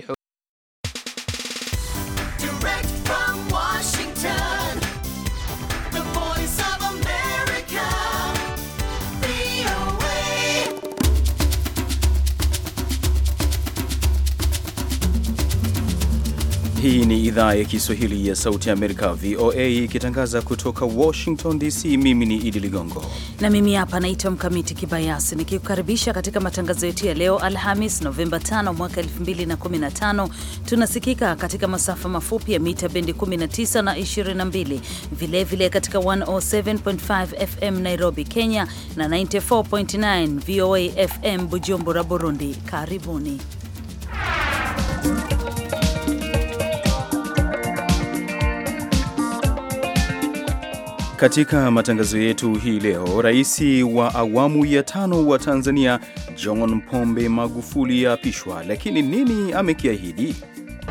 في Hii ni idhaa ya Kiswahili ya Sauti ya Amerika, VOA, ikitangaza kutoka Washington DC. Mimi ni Idi Ligongo na mimi hapa naitwa Mkamiti Kibayasi, nikikukaribisha katika matangazo yetu ya leo Alhamis Novemba 5 mwaka 2015. Tunasikika katika masafa mafupi ya mita bendi 19 na 22, vilevile vile katika 107.5 FM Nairobi, Kenya na 94.9 VOA FM Bujumbura, Burundi. Karibuni Katika matangazo yetu hii leo, rais wa awamu ya tano wa Tanzania John Pombe Magufuli yaapishwa, lakini nini amekiahidi?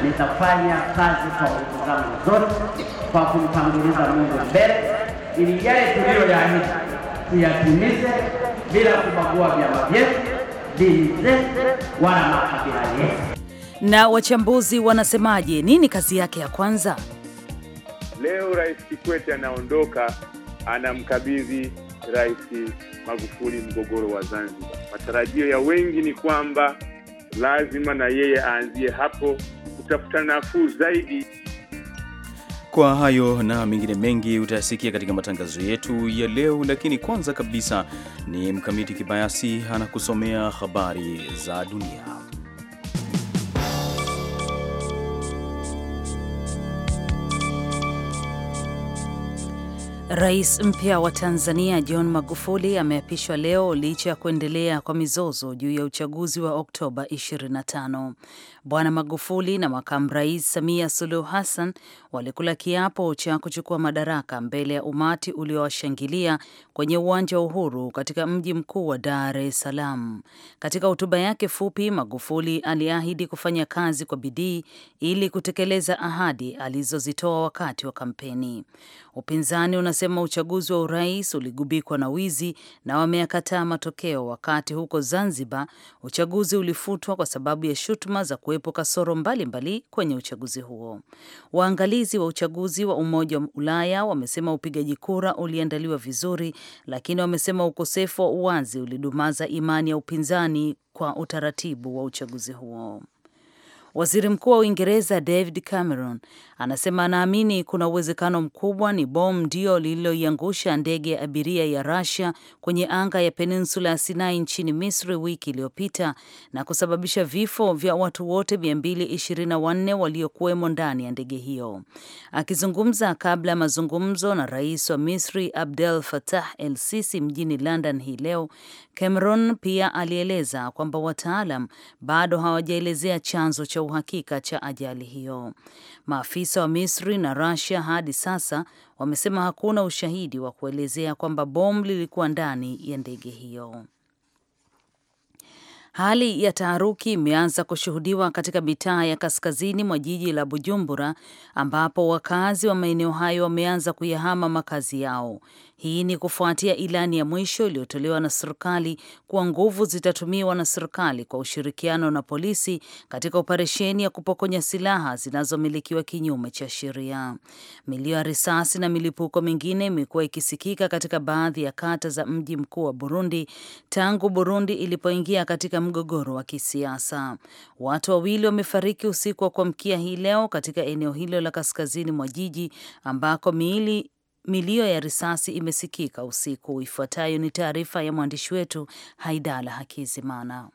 Nitafanya kazi kwa nguvu zangu zote kwa kumtanguliza Mungu mbele ili yale tuliyoyaahidi tuyatimize bila kubagua vyama vyetu, dini zetu, wala makabila yetu. Na wachambuzi wanasemaje? Nini kazi yake ya kwanza? Leo Rais Kikwete anaondoka, anamkabidhi Rais Magufuli mgogoro wa Zanzibar. Matarajio ya wengi ni kwamba lazima na yeye aanzie hapo kutafuta nafuu zaidi. Kwa hayo na mengine mengi utayasikia katika matangazo yetu ya leo, lakini kwanza kabisa ni Mkamiti Kibayasi anakusomea habari za dunia. Rais mpya wa Tanzania John Magufuli ameapishwa leo licha ya kuendelea kwa mizozo juu ya uchaguzi wa Oktoba 25. Bwana Magufuli na makamu rais Samia Suluhu Hassan walikula kiapo cha kuchukua madaraka mbele ya umati uliowashangilia kwenye uwanja wa Uhuru katika mji mkuu wa Dar es Salaam. Katika hotuba yake fupi, Magufuli aliahidi kufanya kazi kwa bidii ili kutekeleza ahadi alizozitoa wakati wa kampeni. Upinzani unasema uchaguzi wa urais uligubikwa na wizi na wameakataa matokeo, wakati huko Zanzibar uchaguzi ulifutwa kwa sababu ya shutuma za kuwepo kasoro mbalimbali kwenye uchaguzi huo. Waangalizi wa uchaguzi wa Umoja wa Ulaya wamesema upigaji kura uliandaliwa vizuri, lakini wamesema ukosefu wa uwazi ulidumaza imani ya upinzani kwa utaratibu wa uchaguzi huo. Waziri Mkuu wa Uingereza David Cameron anasema anaamini kuna uwezekano mkubwa ni bomu ndio lililoiangusha ndege ya abiria ya Russia kwenye anga ya peninsula ya Sinai nchini Misri wiki iliyopita na kusababisha vifo vya watu wote 224 waliokuwemo ndani ya ndege hiyo. Akizungumza kabla ya mazungumzo na rais wa Misri Abdel Fattah el Sisi mjini London hii leo, Cameron pia alieleza kwamba wataalam bado hawajaelezea chanzo cha uhakika cha ajali hiyo. Maafisa wa Misri na Russia hadi sasa wamesema hakuna ushahidi wa kuelezea kwamba bomu lilikuwa ndani ya ndege hiyo. Hali ya taharuki imeanza kushuhudiwa katika mitaa ya kaskazini mwa jiji la Bujumbura ambapo wakazi wa maeneo hayo wameanza kuyahama makazi yao. Hii ni kufuatia ilani ya mwisho iliyotolewa na serikali kuwa nguvu zitatumiwa na serikali kwa ushirikiano na polisi katika operesheni ya kupokonya silaha zinazomilikiwa kinyume cha sheria. Milio ya risasi na milipuko mingine imekuwa ikisikika katika baadhi ya kata za mji mkuu wa Burundi tangu Burundi ilipoingia katika mgogoro wa kisiasa. Watu wawili wamefariki usiku wa kuamkia hii leo katika eneo hilo la kaskazini mwa jiji ambako miili Milio ya risasi imesikika usiku. Ifuatayo ni taarifa ya mwandishi wetu Haidala Hakizimana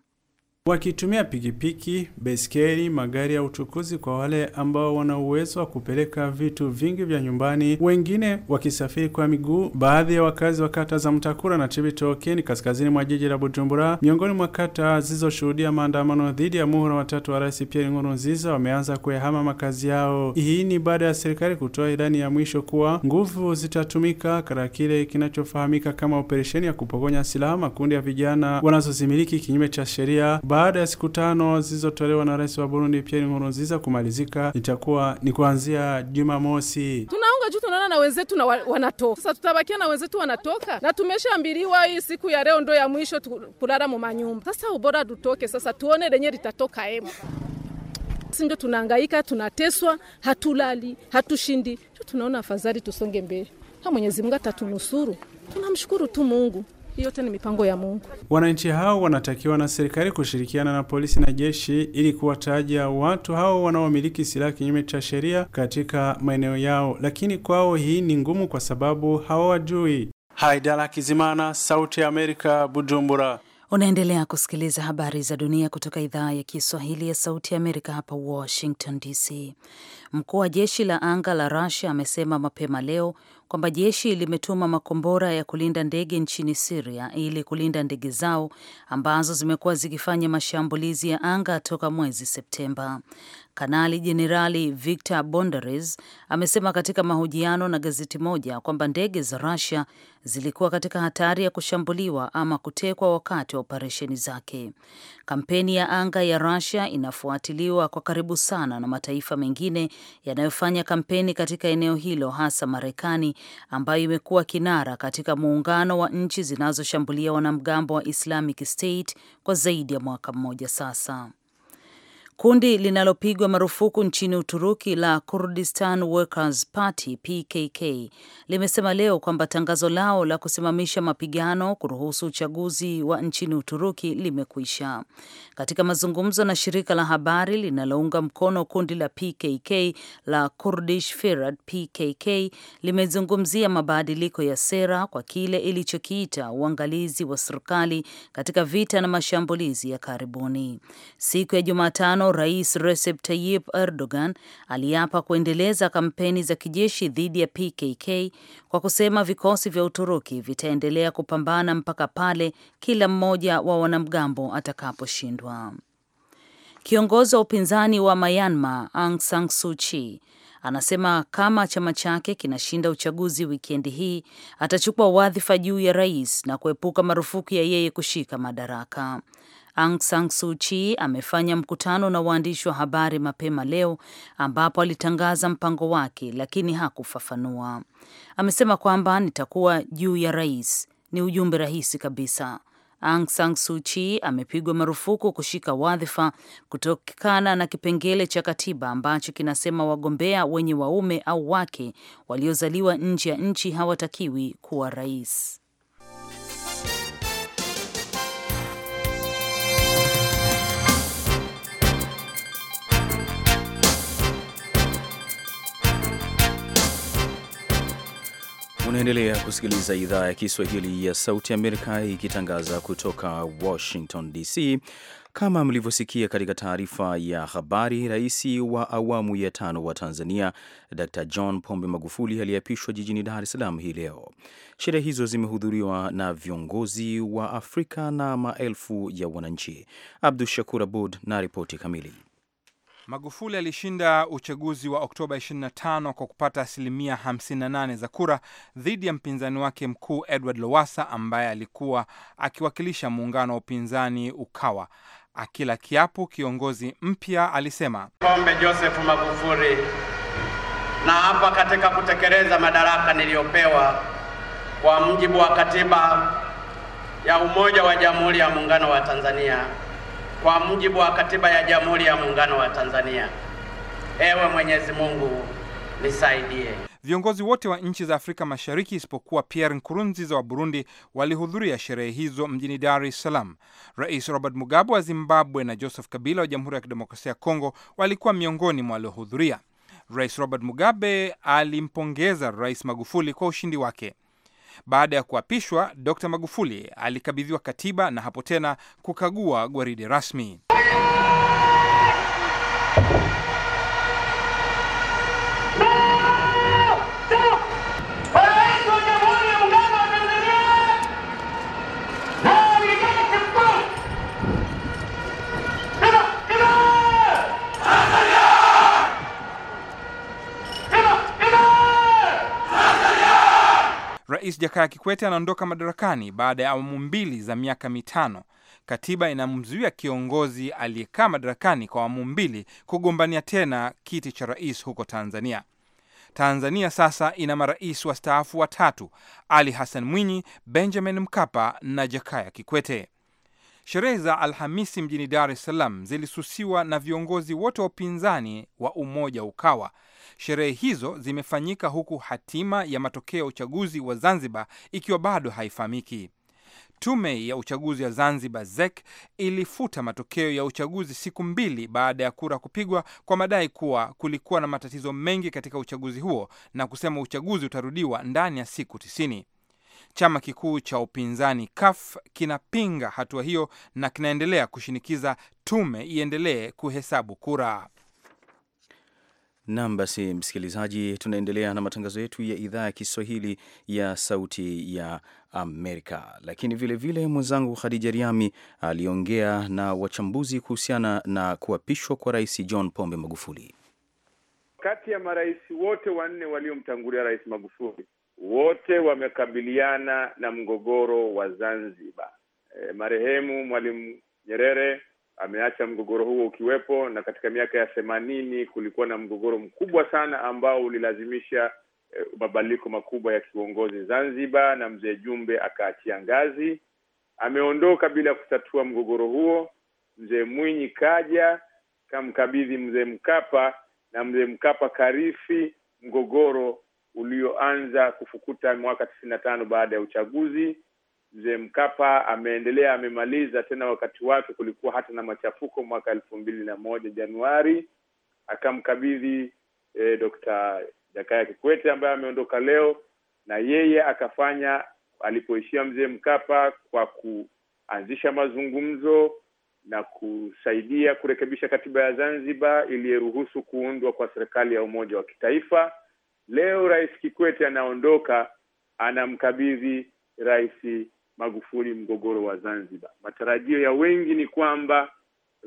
wakitumia pikipiki, baiskeli, magari ya uchukuzi kwa wale ambao wana uwezo wa kupeleka vitu vingi vya nyumbani, wengine wakisafiri kwa miguu. Baadhi ya wakazi wa kata za Mtakura na Chibitokeni kaskazini mwa jiji la Bujumbura, miongoni mwa kata zilizoshuhudia maandamano dhidi ya muhula watatu wa Rais Pierre Nkurunziza, wameanza kuyahama makazi yao. Hii ni baada ya serikali kutoa ilani ya mwisho kuwa nguvu zitatumika katika kile kinachofahamika kama operesheni ya kupokonya silaha makundi ya vijana wanazozimiliki kinyume cha sheria baada ya siku tano zilizotolewa na rais wa Burundi Pierre Nkurunziza kumalizika, itakuwa ni kuanzia Jumamosi. Tunaunga juu, tunaona na wenzetu na wanatoka sasa, tutabakia na wenzetu wanatoka, na tumeshaambiliwa hii siku ya leo ndo ya mwisho kulala mu manyumba. Sasa ubora tutoke sasa, tuone lenye litatoka emu ndio tunahangaika, tunateswa, hatulali, hatushindi, tunaona afadhali tusonge mbele. na Mwenyezi Mungu atatunusuru, tunamshukuru tu Mungu yote ni mipango ya Mungu. Wananchi hao wanatakiwa na serikali kushirikiana na polisi na jeshi ili kuwataja watu hao wanaomiliki silaha kinyume cha sheria katika maeneo yao, lakini kwao hii ni ngumu kwa sababu hawajui. Haidala Kizimana, Sauti ya Amerika, Bujumbura. Unaendelea kusikiliza habari za dunia kutoka idhaa ya Kiswahili ya Sauti ya Amerika hapa Washington DC. Mkuu wa jeshi la anga la Russia amesema mapema leo kwamba jeshi limetuma makombora ya kulinda ndege nchini Siria ili kulinda ndege zao ambazo zimekuwa zikifanya mashambulizi ya anga toka mwezi Septemba. Kanali Jenerali Victor Bondares amesema katika mahojiano na gazeti moja kwamba ndege za rasia zilikuwa katika hatari ya kushambuliwa ama kutekwa wakati wa operesheni zake. Kampeni ya anga ya rasia inafuatiliwa kwa karibu sana na mataifa mengine yanayofanya kampeni katika eneo hilo, hasa Marekani ambayo imekuwa kinara katika muungano wa nchi zinazoshambulia wanamgambo wa Islamic State kwa zaidi ya mwaka mmoja sasa. Kundi linalopigwa marufuku nchini Uturuki la Kurdistan Workers Party PKK limesema leo kwamba tangazo lao la kusimamisha mapigano kuruhusu uchaguzi wa nchini Uturuki limekwisha. Katika mazungumzo na shirika la habari linalounga mkono kundi la PKK la Kurdish Firad, PKK limezungumzia mabadiliko ya sera kwa kile ilichokiita uangalizi wa serikali katika vita na mashambulizi ya karibuni. Siku ya Jumatano Jumatano Rais Recep Tayyip Erdogan aliapa kuendeleza kampeni za kijeshi dhidi ya PKK kwa kusema vikosi vya Uturuki vitaendelea kupambana mpaka pale kila mmoja wa wanamgambo atakaposhindwa. Kiongozi wa upinzani wa Myanmar Aung San Suu Kyi anasema kama chama chake kinashinda uchaguzi wikendi hii atachukua wadhifa juu ya rais na kuepuka marufuku ya yeye kushika madaraka. Aung San Suu Kyi amefanya mkutano na waandishi wa habari mapema leo ambapo alitangaza mpango wake lakini hakufafanua. Amesema kwamba nitakuwa juu ya rais. Ni ujumbe rahisi kabisa. Aung San Suu Kyi amepigwa marufuku kushika wadhifa kutokana na kipengele cha katiba ambacho kinasema wagombea wenye waume au wake waliozaliwa nje ya nchi hawatakiwi kuwa rais. Unaendelea kusikiliza idhaa ya Kiswahili ya Sauti Amerika ikitangaza kutoka Washington DC. Kama mlivyosikia katika taarifa ya habari, rais wa awamu ya tano wa Tanzania Dr John Pombe Magufuli aliyeapishwa jijini Dar es Salaam hii leo. Sherehe hizo zimehudhuriwa na viongozi wa Afrika na maelfu ya wananchi. Abdu Shakur Abud na ripoti kamili. Magufuli alishinda uchaguzi wa Oktoba 25 kwa kupata asilimia 58 za kura dhidi ya mpinzani wake mkuu Edward Lowassa ambaye alikuwa akiwakilisha muungano wa upinzani Ukawa. Akila kiapo kiongozi mpya alisema, Pombe Joseph Magufuli na hapa katika kutekeleza madaraka niliyopewa kwa mujibu wa katiba ya Umoja wa Jamhuri ya Muungano wa Tanzania kwa mujibu wa katiba ya Jamhuri ya Muungano wa Tanzania. Ewe Mwenyezi Mungu nisaidie. Viongozi wote wa nchi za Afrika Mashariki isipokuwa Pierre Nkurunziza wa Burundi walihudhuria sherehe hizo mjini Dar es Salaam. Rais Robert Mugabe wa Zimbabwe na Joseph Kabila wa Jamhuri ya Kidemokrasia ya Kongo walikuwa miongoni mwa waliohudhuria. Rais Robert Mugabe alimpongeza Rais Magufuli kwa ushindi wake. Baada ya kuapishwa, Dr Magufuli alikabidhiwa katiba na hapo tena kukagua gwaride rasmi. Rais Jakaya Kikwete anaondoka madarakani baada ya awamu mbili za miaka mitano. Katiba inamzuia kiongozi aliyekaa madarakani kwa awamu mbili kugombania tena kiti cha rais huko Tanzania. Tanzania sasa ina marais wastaafu watatu: Ali Hassan Mwinyi, Benjamin Mkapa na Jakaya Kikwete. Sherehe za Alhamisi mjini Dar es Salaam zilisusiwa na viongozi wote wa upinzani wa Umoja Ukawa. Sherehe hizo zimefanyika huku hatima ya matokeo ya uchaguzi wa Zanzibar ikiwa bado haifahamiki. Tume ya uchaguzi wa Zanzibar ZEK ilifuta matokeo ya uchaguzi siku mbili baada ya kura kupigwa kwa madai kuwa kulikuwa na matatizo mengi katika uchaguzi huo na kusema uchaguzi utarudiwa ndani ya siku tisini. Chama kikuu cha upinzani CUF kinapinga hatua hiyo na kinaendelea kushinikiza tume iendelee kuhesabu kura. Nam, basi msikilizaji, tunaendelea na matangazo yetu ya idhaa ya Kiswahili ya Sauti ya Amerika. Lakini vilevile mwenzangu Khadija Riami aliongea na wachambuzi kuhusiana na kuapishwa kwa Rais John Pombe Magufuli. Kati ya marais wote wanne waliomtangulia Rais Magufuli, wote wamekabiliana na mgogoro wa Zanzibar. E, marehemu Mwalimu Nyerere ameacha mgogoro huo ukiwepo, na katika miaka ya themanini kulikuwa na mgogoro mkubwa sana ambao ulilazimisha e, mabadiliko makubwa ya kiuongozi Zanzibar, na mzee Jumbe akaachia ngazi. Ameondoka bila kutatua mgogoro huo. Mzee Mwinyi kaja kamkabidhi mzee Mkapa, na mzee Mkapa karifi mgogoro ulioanza kufukuta mwaka tisini na tano baada ya uchaguzi. Mzee Mkapa ameendelea amemaliza tena, wakati wake kulikuwa hata na machafuko mwaka elfu mbili na moja Januari, akamkabidhi eh, Dr. Jakaya Kikwete ambaye ameondoka leo, na yeye akafanya alipoishia mzee Mkapa kwa kuanzisha mazungumzo na kusaidia kurekebisha katiba ya Zanzibar iliyeruhusu kuundwa kwa serikali ya umoja wa kitaifa Leo Rais Kikwete anaondoka, anamkabidhi Rais Magufuli mgogoro wa Zanzibar. Matarajio ya wengi ni kwamba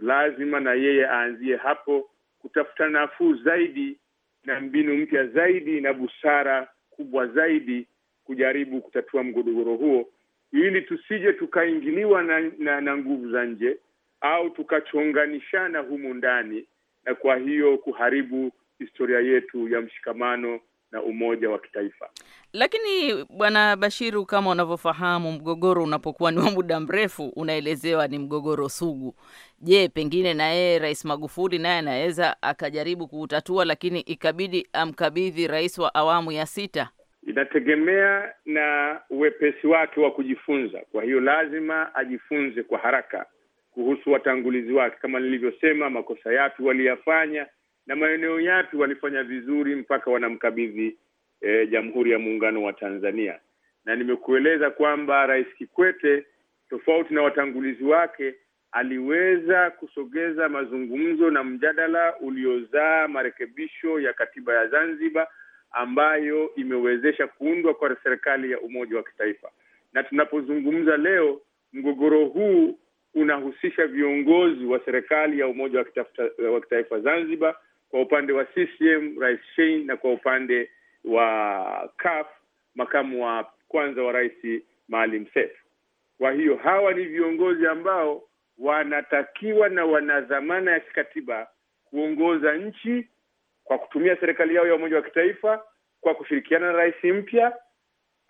lazima na yeye aanzie hapo kutafuta nafuu zaidi na mbinu mpya zaidi na busara kubwa zaidi kujaribu kutatua mgogoro huo, ili tusije tukaingiliwa na, na, na nguvu za nje au tukachonganishana humu ndani, na kwa hiyo kuharibu historia yetu ya mshikamano na umoja wa kitaifa. Lakini Bwana Bashiru, kama unavyofahamu, mgogoro unapokuwa ni wa muda mrefu, unaelezewa ni mgogoro sugu. Je, pengine na yeye Rais Magufuli naye anaweza akajaribu kuutatua, lakini ikabidi amkabidhi rais wa awamu ya sita? Inategemea na uwepesi wake wa kujifunza. Kwa hiyo lazima ajifunze kwa haraka kuhusu watangulizi wake, kama nilivyosema, makosa yapi waliyafanya na maeneo yapi walifanya vizuri mpaka wanamkabidhi e, Jamhuri ya Muungano wa Tanzania. Na nimekueleza kwamba Rais Kikwete tofauti na watangulizi wake aliweza kusogeza mazungumzo na mjadala uliozaa marekebisho ya katiba ya Zanzibar ambayo imewezesha kuundwa kwa serikali ya umoja wa kitaifa. Na tunapozungumza leo, mgogoro huu unahusisha viongozi wa serikali ya umoja wa kitaifa Zanzibar kwa upande wa CCM Rais Shein na kwa upande wa CUF makamu wa kwanza wa rais Maalim Seif. Kwa hiyo hawa ni viongozi ambao wanatakiwa na wana dhamana ya kikatiba kuongoza nchi kwa kutumia serikali yao ya umoja wa kitaifa kwa kushirikiana na rais mpya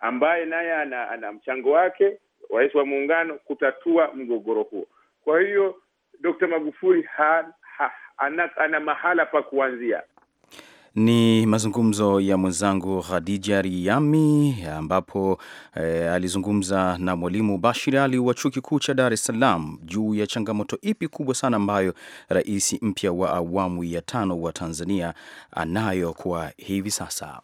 ambaye naye ana, ana mchango wake, rais wa muungano, kutatua mgogoro huo. Kwa hiyo Dkt. Magufuli ha, ha, ana, ana mahala pa kuanzia. Ni mazungumzo ya mwenzangu Khadija Riyami ambapo eh, alizungumza na mwalimu Bashir Ali wa chuo kikuu cha Dar es Salaam juu ya changamoto ipi kubwa sana ambayo rais mpya wa awamu ya tano wa Tanzania anayo kwa hivi sasa.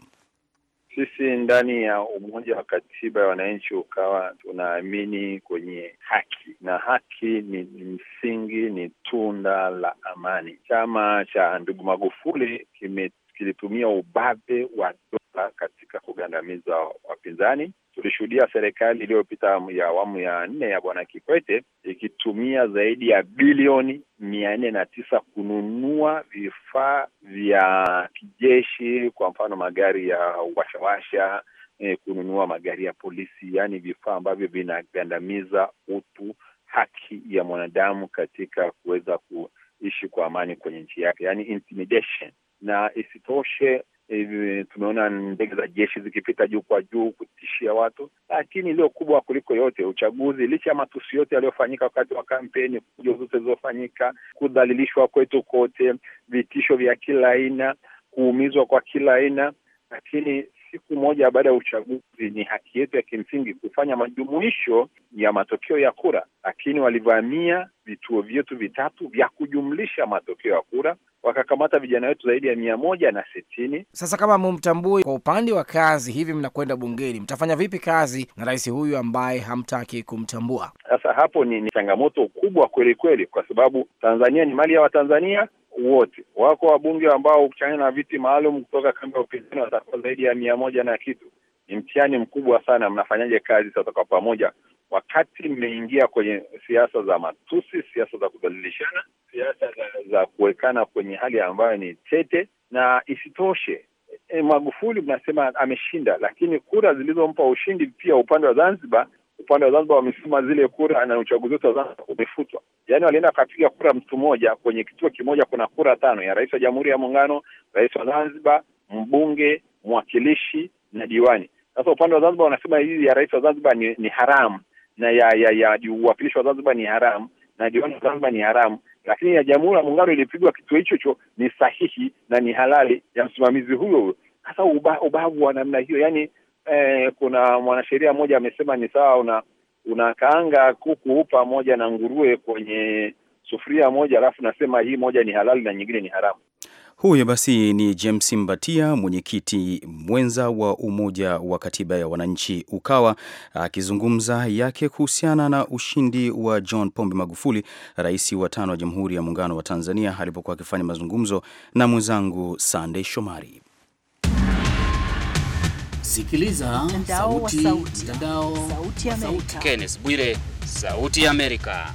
Sisi ndani ya Umoja wa Katiba ya Wananchi ukawa tunaamini kwenye haki, na haki ni msingi, ni tunda la amani. Chama cha ndugu Magufuli kime, kilitumia ubabe wa dola katika kugandamiza wapinzani tulishuhudia serikali iliyopita ya awamu ya nne ya Bwana Kikwete ikitumia zaidi ya bilioni mia nne na tisa kununua vifaa vya kijeshi, kwa mfano magari ya washawasha eh, kununua magari ya polisi, yaani vifaa ambavyo vinagandamiza utu, haki ya mwanadamu katika kuweza kuishi kwa amani kwenye nchi yake, yaani intimidation. Na isitoshe e, tumeona ndege za jeshi zikipita juu kwa juu kutishia watu, lakini iliyo kubwa kuliko yote uchaguzi, licha ya matusi yote yaliyofanyika wakati wa kampeni, kuja zote zilizofanyika, kudhalilishwa kwetu kote, vitisho vya kila aina, kuumizwa kwa kila aina, lakini siku moja baada ya uchaguzi ni haki yetu ya kimsingi kufanya majumuisho ya matokeo ya kura, lakini walivamia vituo vyetu vitatu vya kujumlisha matokeo ya kura wakakamata vijana wetu zaidi ya mia moja na sitini. Sasa kama mumtambui kwa upande wa kazi, hivi mnakwenda bungeni, mtafanya vipi kazi na rais huyu ambaye hamtaki kumtambua? Sasa hapo ni, ni changamoto kubwa kweli kweli, kwa sababu Tanzania ni mali ya Watanzania wote. Wako wabunge ambao ukichanganya na viti maalum kutoka kambi ya upinzani watakuwa zaidi ya mia moja na kitu. Ni mtihani mkubwa sana. Mnafanyaje kazi sasa kwa pamoja wakati mmeingia kwenye siasa za matusi, siasa za kudhalilishana, siasa za, za kuwekana kwenye hali ambayo ni tete, na isitoshe e, Magufuli mnasema ameshinda, lakini kura zilizompa ushindi pia upande wa Zanzibar upande wa Zanzibar wamesema zile kura na uchaguzi wote wa Zanzibar umefutwa. Yaani walienda wakapiga kura mtu mmoja kwenye kituo kimoja, kuna kura tano ya rais wa Jamhuri ya Muungano, rais wa Zanzibar, mbunge, mwakilishi na diwani. Sasa upande wa Zanzibar wanasema hii ya rais wa Zanzibar ni, ni haramu na ya ya ya uwakilishi wa Zanzibar ni haramu na diwani wa Zanzibar ni haramu, lakini ya Jamhuri ya Muungano ilipigwa kituo hicho hicho ni sahihi na ni halali ya msimamizi huyo huyo. Sasa ubavu wa namna hiyo, yani eh, kuna mwanasheria mmoja amesema ni sawa una unakaanga kuku pamoja na nguruwe kwenye sufuria moja, alafu nasema hii moja ni halali na nyingine ni haramu. Huyo basi ni James Mbatia, mwenyekiti mwenza wa Umoja wa Katiba ya Wananchi Ukawa, akizungumza yake kuhusiana na ushindi wa John Pombe Magufuli, rais wa tano wa Jamhuri ya Muungano wa Tanzania, alipokuwa akifanya mazungumzo na mwenzangu Sandey Shomari. Sikiliza mtandao sauti, sauti, sauti, sauti, sauti, sauti, sauti ya Amerika.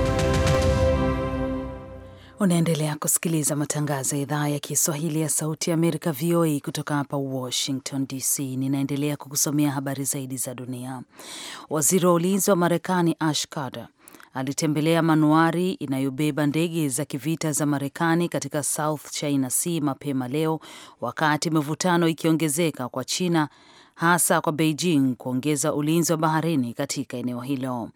Unaendelea kusikiliza matangazo ya idhaa ya Kiswahili ya Sauti ya Amerika, VOA, kutoka hapa Washington DC. Ninaendelea kukusomea habari zaidi za dunia. Waziri wa ulinzi wa Marekani Ash Carter alitembelea manuari inayobeba ndege za kivita za Marekani katika South China Sea mapema leo, wakati mivutano ikiongezeka kwa China hasa kwa Beijing kuongeza ulinzi wa baharini katika eneo hilo.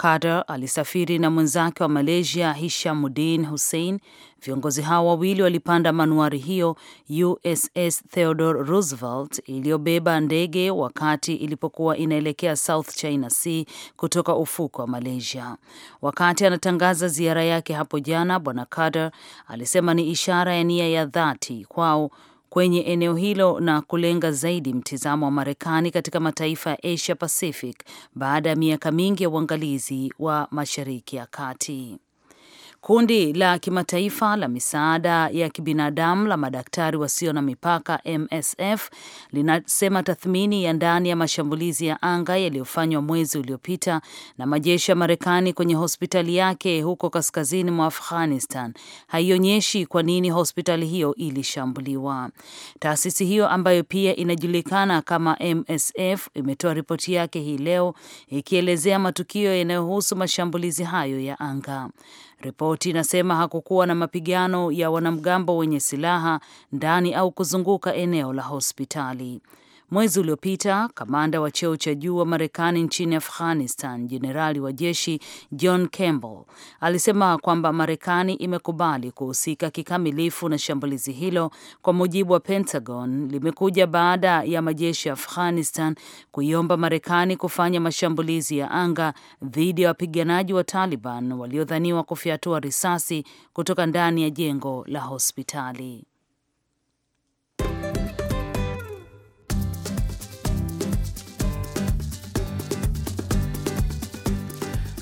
Kader alisafiri na mwenzake wa Malaysia Hishamuddin Hussein. Viongozi hao wawili walipanda manuari hiyo USS Theodore Roosevelt iliyobeba ndege wakati ilipokuwa inaelekea South China Sea kutoka ufuko wa Malaysia. Wakati anatangaza ziara yake hapo jana, Bwana Kader alisema ni ishara ya nia ya dhati kwao kwenye eneo hilo na kulenga zaidi mtizamo wa Marekani katika mataifa ya Asia Pacific baada ya miaka mingi ya uangalizi wa Mashariki ya Kati. Kundi la kimataifa la misaada ya kibinadamu la madaktari wasio na mipaka MSF linasema tathmini ya ndani ya mashambulizi ya anga yaliyofanywa mwezi uliopita na majeshi ya Marekani kwenye hospitali yake huko kaskazini mwa Afghanistan haionyeshi kwa nini hospitali hiyo ilishambuliwa. Taasisi hiyo ambayo pia inajulikana kama MSF imetoa ripoti yake hii leo ikielezea matukio yanayohusu mashambulizi hayo ya anga Report Ripoti inasema hakukuwa na mapigano ya wanamgambo wenye silaha ndani au kuzunguka eneo la hospitali. Mwezi uliopita kamanda wa cheo cha juu wa Marekani nchini Afghanistan, jenerali wa jeshi John Campbell alisema kwamba Marekani imekubali kuhusika kikamilifu na shambulizi hilo. Kwa mujibu wa Pentagon, limekuja baada ya majeshi ya Afghanistan kuiomba Marekani kufanya mashambulizi ya anga dhidi ya wapiganaji wa Taliban waliodhaniwa kufyatua risasi kutoka ndani ya jengo la hospitali.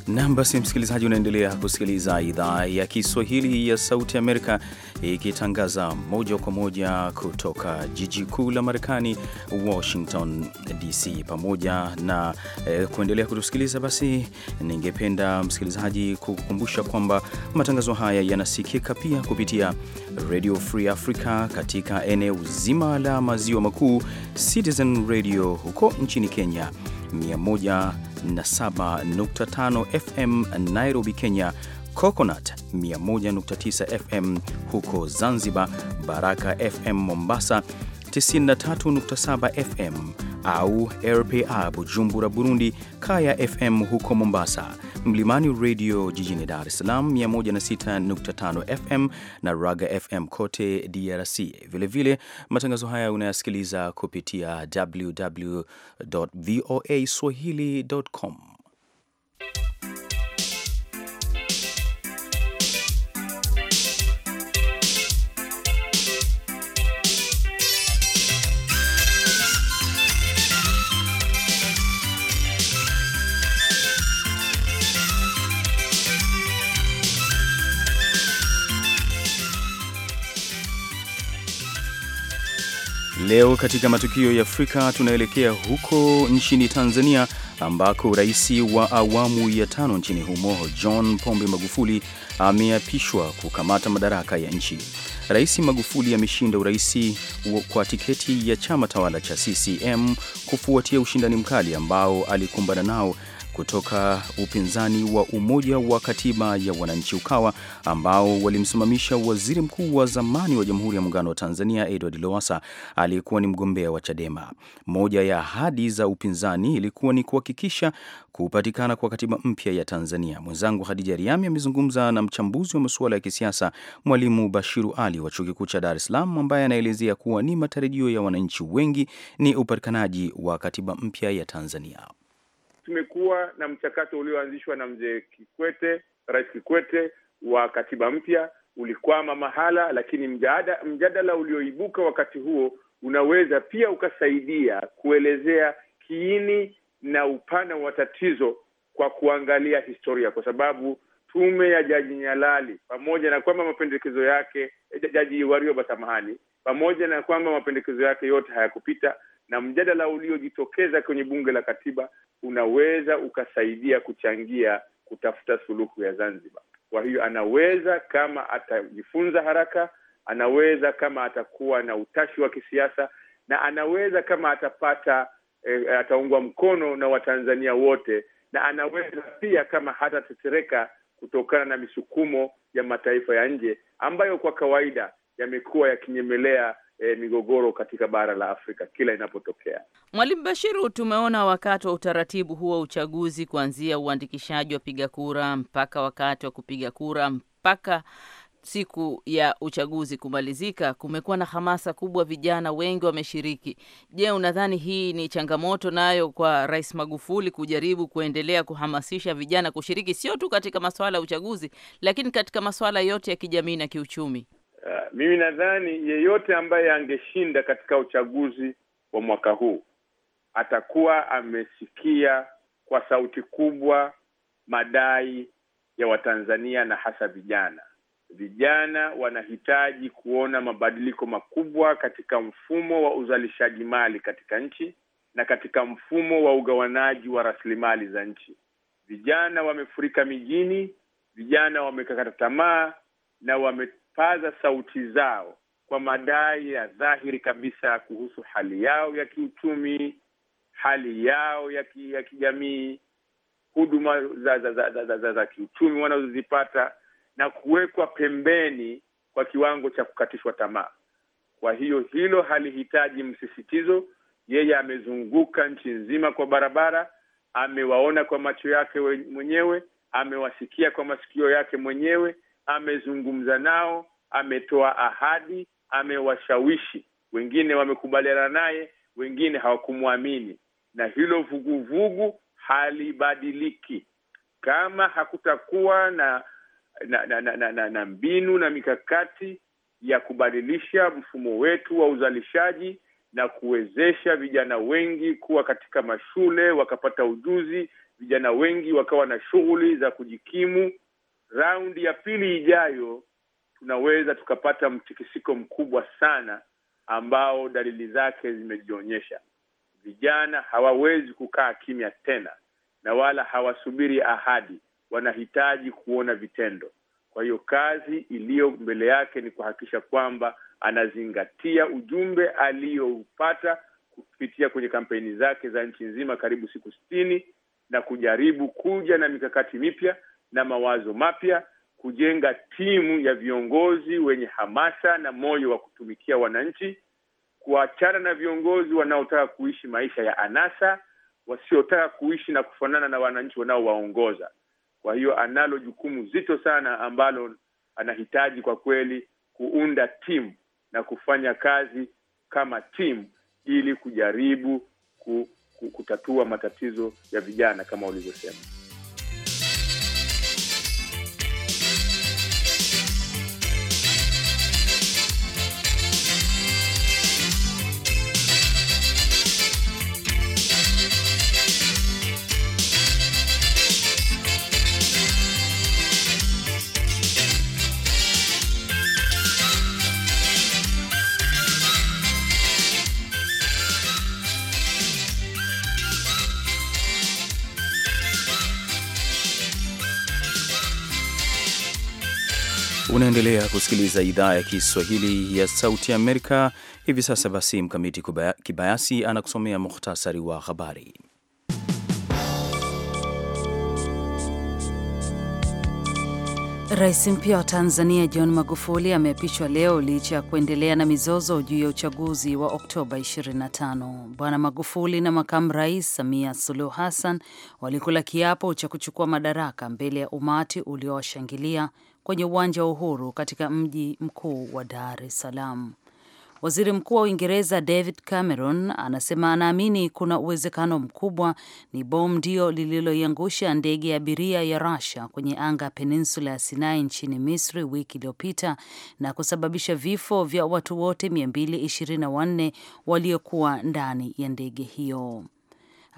Nam, basi msikilizaji, unaendelea kusikiliza idhaa ya Kiswahili ya Sauti Amerika ikitangaza moja kwa moja kutoka jiji kuu la Marekani, Washington DC. Pamoja na eh, kuendelea kutusikiliza, basi ningependa msikilizaji kukukumbusha kwamba matangazo haya yanasikika pia kupitia Radio Free Africa katika eneo zima la maziwa makuu, Citizen Radio huko nchini Kenya 100 107.5 FM Nairobi, Kenya, Coconut 101.9 FM huko Zanzibar, Baraka FM Mombasa 93.7 FM au RPA Bujumbura, Burundi, Kaya FM huko Mombasa Mlimani Radio jijini Dar es Salaam 106.5 FM na Raga FM kote DRC. Vilevile vile, matangazo haya unayasikiliza kupitia www voa swahili.com. Leo katika matukio ya Afrika tunaelekea huko nchini Tanzania ambako rais wa awamu ya tano nchini humo John Pombe Magufuli ameapishwa kukamata madaraka ya nchi. Rais Magufuli ameshinda urais kwa tiketi ya chama tawala cha CCM kufuatia ushindani mkali ambao alikumbana nao kutoka upinzani wa Umoja wa Katiba ya Wananchi Ukawa, ambao walimsimamisha waziri mkuu wa zamani wa Jamhuri ya Muungano wa Tanzania Edward Lowassa aliyekuwa ni mgombea wa Chadema. Moja ya ahadi za upinzani ilikuwa ni kuhakikisha kupatikana kwa katiba mpya ya Tanzania. Mwenzangu Hadija Riami amezungumza na mchambuzi wa masuala ya kisiasa Mwalimu Bashiru Ali wa Chuo Kikuu cha Dar es Salaam, ambaye anaelezea kuwa ni matarajio ya wananchi wengi ni upatikanaji wa katiba mpya ya Tanzania tumekuwa na mchakato ulioanzishwa na mzee Kikwete, Rais Kikwete wa katiba mpya ulikwama mahala, lakini mjadala, mjadala ulioibuka wakati huo unaweza pia ukasaidia kuelezea kiini na upana wa tatizo kwa kuangalia historia, kwa sababu tume ya Jaji Nyalali pamoja na kwamba mapendekezo yake eh, Jaji Warioba, samahani, pamoja na kwamba mapendekezo yake yote hayakupita na mjadala uliojitokeza kwenye bunge la katiba unaweza ukasaidia kuchangia kutafuta suluhu ya Zanzibar. Kwa hiyo anaweza kama atajifunza haraka, anaweza kama atakuwa na utashi wa kisiasa, na anaweza kama atapata e, ataungwa mkono na Watanzania wote, na anaweza pia kama hatatetereka kutokana na misukumo ya mataifa ya nje ambayo kwa kawaida yamekuwa yakinyemelea e, migogoro katika bara la Afrika kila inapotokea. Mwalimu Bashiru, tumeona wakati wa utaratibu huo wa uchaguzi kuanzia uandikishaji wa piga kura mpaka wakati wa kupiga kura mpaka siku ya uchaguzi kumalizika, kumekuwa na hamasa kubwa, vijana wengi wameshiriki. Je, unadhani hii ni changamoto nayo kwa Rais Magufuli kujaribu kuendelea kuhamasisha vijana kushiriki sio tu katika masuala ya uchaguzi, lakini katika masuala yote ya kijamii na kiuchumi? Eh, mimi nadhani yeyote ambaye angeshinda katika uchaguzi wa mwaka huu atakuwa amesikia kwa sauti kubwa madai ya Watanzania na hasa vijana. Vijana wanahitaji kuona mabadiliko makubwa katika mfumo wa uzalishaji mali katika nchi na katika mfumo wa ugawanaji wa rasilimali za nchi. Vijana wamefurika mijini, vijana wamekakata tamaa na wame kupaza sauti zao kwa madai ya dhahiri kabisa kuhusu hali yao ya kiuchumi, hali yao ya ki, ya kijamii, huduma za za, za, za, za, za, za kiuchumi wanazozipata na kuwekwa pembeni kwa kiwango cha kukatishwa tamaa. Kwa hiyo hilo halihitaji msisitizo. Yeye amezunguka nchi nzima kwa barabara, amewaona kwa macho yake mwenyewe, amewasikia kwa masikio yake mwenyewe amezungumza nao, ametoa ahadi, amewashawishi. Wengine wamekubaliana naye, wengine hawakumwamini, na hilo vuguvugu halibadiliki kama hakutakuwa na na, na, na, na, na, na mbinu na mikakati ya kubadilisha mfumo wetu wa uzalishaji na kuwezesha vijana wengi kuwa katika mashule wakapata ujuzi, vijana wengi wakawa na shughuli za kujikimu raundi ya pili ijayo tunaweza tukapata mtikisiko mkubwa sana ambao dalili zake zimejionyesha. Vijana hawawezi kukaa kimya tena, na wala hawasubiri ahadi, wanahitaji kuona vitendo. Kwa hiyo kazi iliyo mbele yake ni kuhakikisha kwamba anazingatia ujumbe aliyoupata kupitia kwenye kampeni zake za nchi nzima karibu siku sitini na kujaribu kuja na mikakati mipya na mawazo mapya, kujenga timu ya viongozi wenye hamasa na moyo wa kutumikia wananchi, kuachana na viongozi wanaotaka kuishi maisha ya anasa, wasiotaka kuishi na kufanana na wananchi wanaowaongoza. Kwa hiyo analo jukumu zito sana ambalo anahitaji kwa kweli kuunda timu na kufanya kazi kama timu ili kujaribu kutatua matatizo ya vijana kama ulivyosema. Unaendelea kusikiliza idhaa ya Kiswahili ya Sauti Amerika hivi sasa. Basi Mkamiti Kibayasi anakusomea muhtasari wa habari. Rais mpya wa Tanzania John Magufuli ameapishwa leo licha ya kuendelea na mizozo juu ya uchaguzi wa Oktoba 25. Bwana Magufuli na makamu rais Samia Suluhu Hassan walikula kiapo cha kuchukua madaraka mbele ya umati uliowashangilia kwenye uwanja wa Uhuru katika mji mkuu wa Dar es Salaam. Waziri Mkuu wa Uingereza David Cameron anasema anaamini kuna uwezekano mkubwa ni bomu ndio lililoiangusha ndege ya abiria ya Russia kwenye anga ya peninsula ya Sinai nchini Misri wiki iliyopita na kusababisha vifo vya watu wote 224 waliokuwa ndani ya ndege hiyo.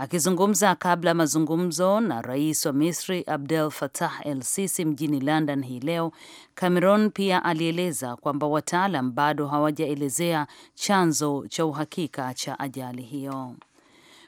Akizungumza kabla mazungumzo na rais wa Misri Abdel Fattah El Sisi mjini London hii leo, Cameron pia alieleza kwamba wataalam bado hawajaelezea chanzo cha uhakika cha ajali hiyo.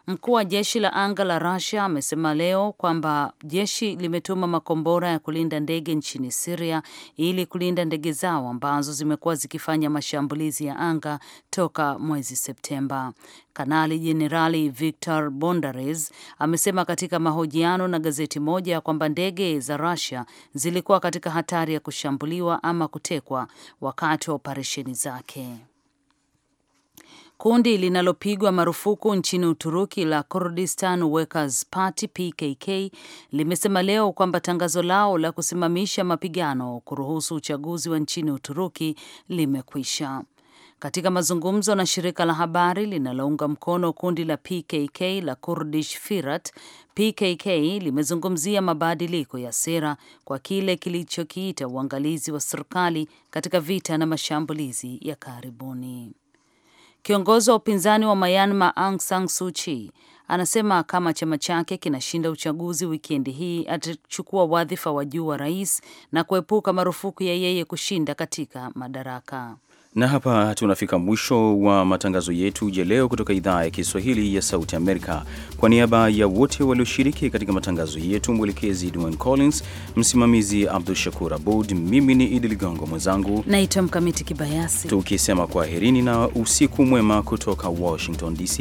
Mkuu wa jeshi la anga la Russia amesema leo kwamba jeshi limetuma makombora ya kulinda ndege nchini siria ili kulinda ndege zao ambazo zimekuwa zikifanya mashambulizi ya anga toka mwezi Septemba. Kanali Jenerali Victor Bondares amesema katika mahojiano na gazeti moja kwamba ndege za Russia zilikuwa katika hatari ya kushambuliwa ama kutekwa wakati wa operesheni zake. Kundi linalopigwa marufuku nchini Uturuki la Kurdistan Workers Party PKK limesema leo kwamba tangazo lao la kusimamisha mapigano kuruhusu uchaguzi wa nchini Uturuki limekwisha. Katika mazungumzo na shirika la habari linalounga mkono kundi la PKK la Kurdish Firat, PKK limezungumzia mabadiliko ya sera kwa kile kilichokiita uangalizi wa serikali katika vita na mashambulizi ya karibuni. Kiongozi wa upinzani wa Myanmar Aung San Suu Kyi anasema kama chama chake kinashinda uchaguzi wikendi hii atachukua wadhifa wa juu wa rais na kuepuka marufuku ya yeye kushinda katika madaraka. Na hapa tunafika mwisho wa matangazo yetu ya leo kutoka idhaa ya Kiswahili ya Sauti Amerika. Kwa niaba ya wote walioshiriki katika matangazo yetu, mwelekezi Dwan Collins, msimamizi abdul Shakur Abud, mimi ni Idi Ligongo, mwenzangu naitwa Mkamiti Kibayasi, tukisema kwaherini na usiku mwema kutoka Washington DC.